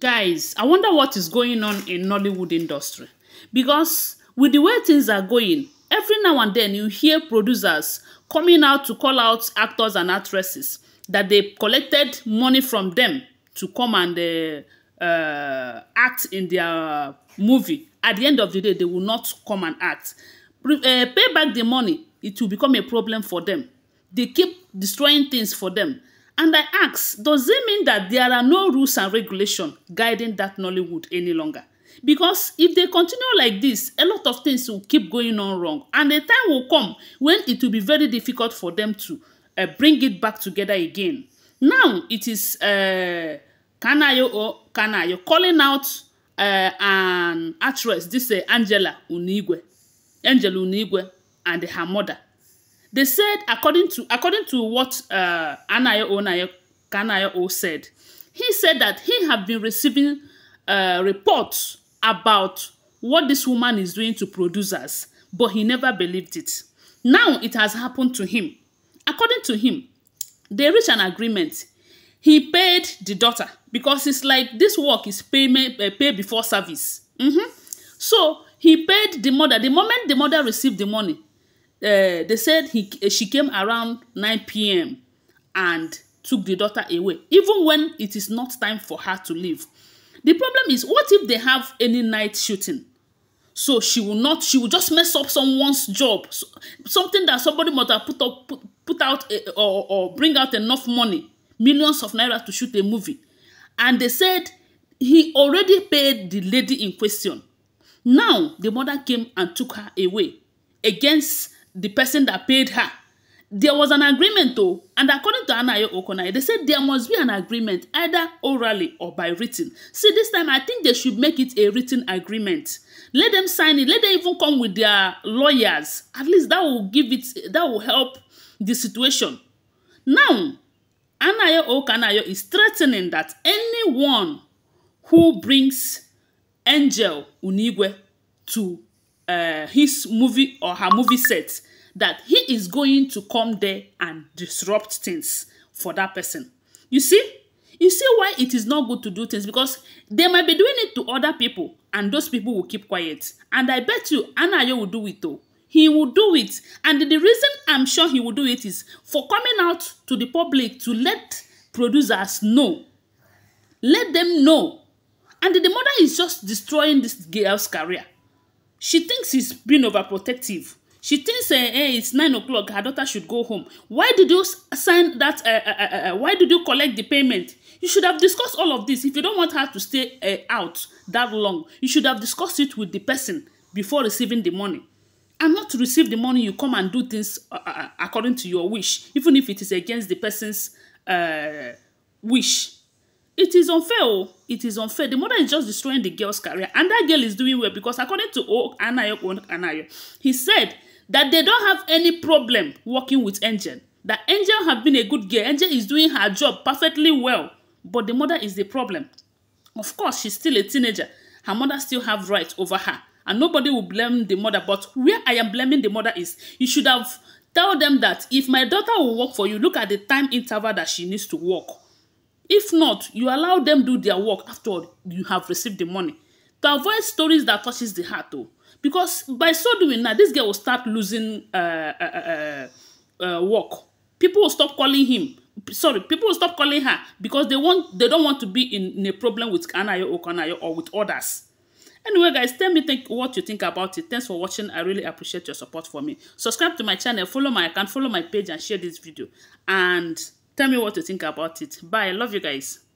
Guys, I wonder what is going on in Nollywood industry. Because with the way things are going, every now and then you hear producers coming out to call out actors and actresses that they collected money from them to come and uh, uh, act in their movie. At the end of the day, they will not come and act. Pre uh, pay back the money, it will become a problem for them. They keep destroying things for them. And I ask, does it mean that there are no rules and regulations guiding that Nollywood any longer? Because if they continue like this, a lot of things will keep going on wrong. And the time will come when it will be very difficult for them to uh, bring it back together again. Now it is uh, Kanayo, oh, Kanayo calling out uh, an actress, this uh, Angela Unigwe, Angela Unigwe and her mother. They said, according to according to what uh, Anayo Onayo Kanayo O said, he said that he had been receiving uh, reports about what this woman is doing to producers, but he never believed it. Now it has happened to him. According to him, they reached an agreement. He paid the daughter because it's like this work is payment uh, pay before service. Mm -hmm. So he paid the mother. The moment the mother received the money, Eh, they said he, she came around 9 p.m. and took the daughter away, even when it is not time for her to leave. The problem is, what if they have any night shooting? So she will not, she will just mess up someone's job, so, something that somebody must have put, up, put, put out a, or, or bring out enough money, millions of naira to shoot a movie. And they said he already paid the lady in question. Now the mother came and took her away against the person that paid her. There was an agreement though, and according to Anayo Okonai, they said there must be an agreement either orally or by written. See, this time I think they should make it a written agreement. Let them sign it. Let them even come with their lawyers. At least that will give it. That will help the situation. Now, Anayo Okanayo is threatening that anyone who brings Angel Unigwe to uh, his movie or her movie set that he is going to come there and disrupt things for that person. You see? You see why it is not good to do things because they might be doing it to other people and those people will keep quiet. And I bet you Anayo will do it though. He will do it. And the reason I'm sure he will do it is for coming out to the public to let producers know. Let them know. And the mother is just destroying this girl's career she thinks he's being overprotective she thinks uh, eh, hey, eh, it's nine o'clock her daughter should go home why did you sign that uh, uh, uh, why did you collect the payment you should have discussed all of this if you don't want her to stay uh, out that long you should have discussed it with the person before receiving the money and not to receive the money you come and do things uh, uh, according to your wish even if it is against the person's uh, wish it is unfair oh it is unfair the mother is just destroying the girl's career and that girl is doing well because according to oh anayo anayo he said that they don't have any problem working with angel that angel have been a good girl angel is doing her job perfectly well but the mother is the problem of course she's still a teenager her mother still have rights over her and nobody will blame the mother but where i am blaming the mother is you should have tell them that if my daughter will work for you look at the time interval that she needs to work If not, you allow them do their work after all, you have received the money. To avoid stories that touches the heart though, because by so doing now, this guy will start losing uh uh, uh, uh, uh, work. People will stop calling him. Sorry, people will stop calling her because they want they don't want to be in, in a problem with Anayo Okanayo or with others. Anyway, guys, tell me think, what you think about it. Thanks for watching. I really appreciate your support for me. Subscribe to my channel, follow my account, follow my page, and share this video. And Tell me what you think about it. Bye. Love you guys.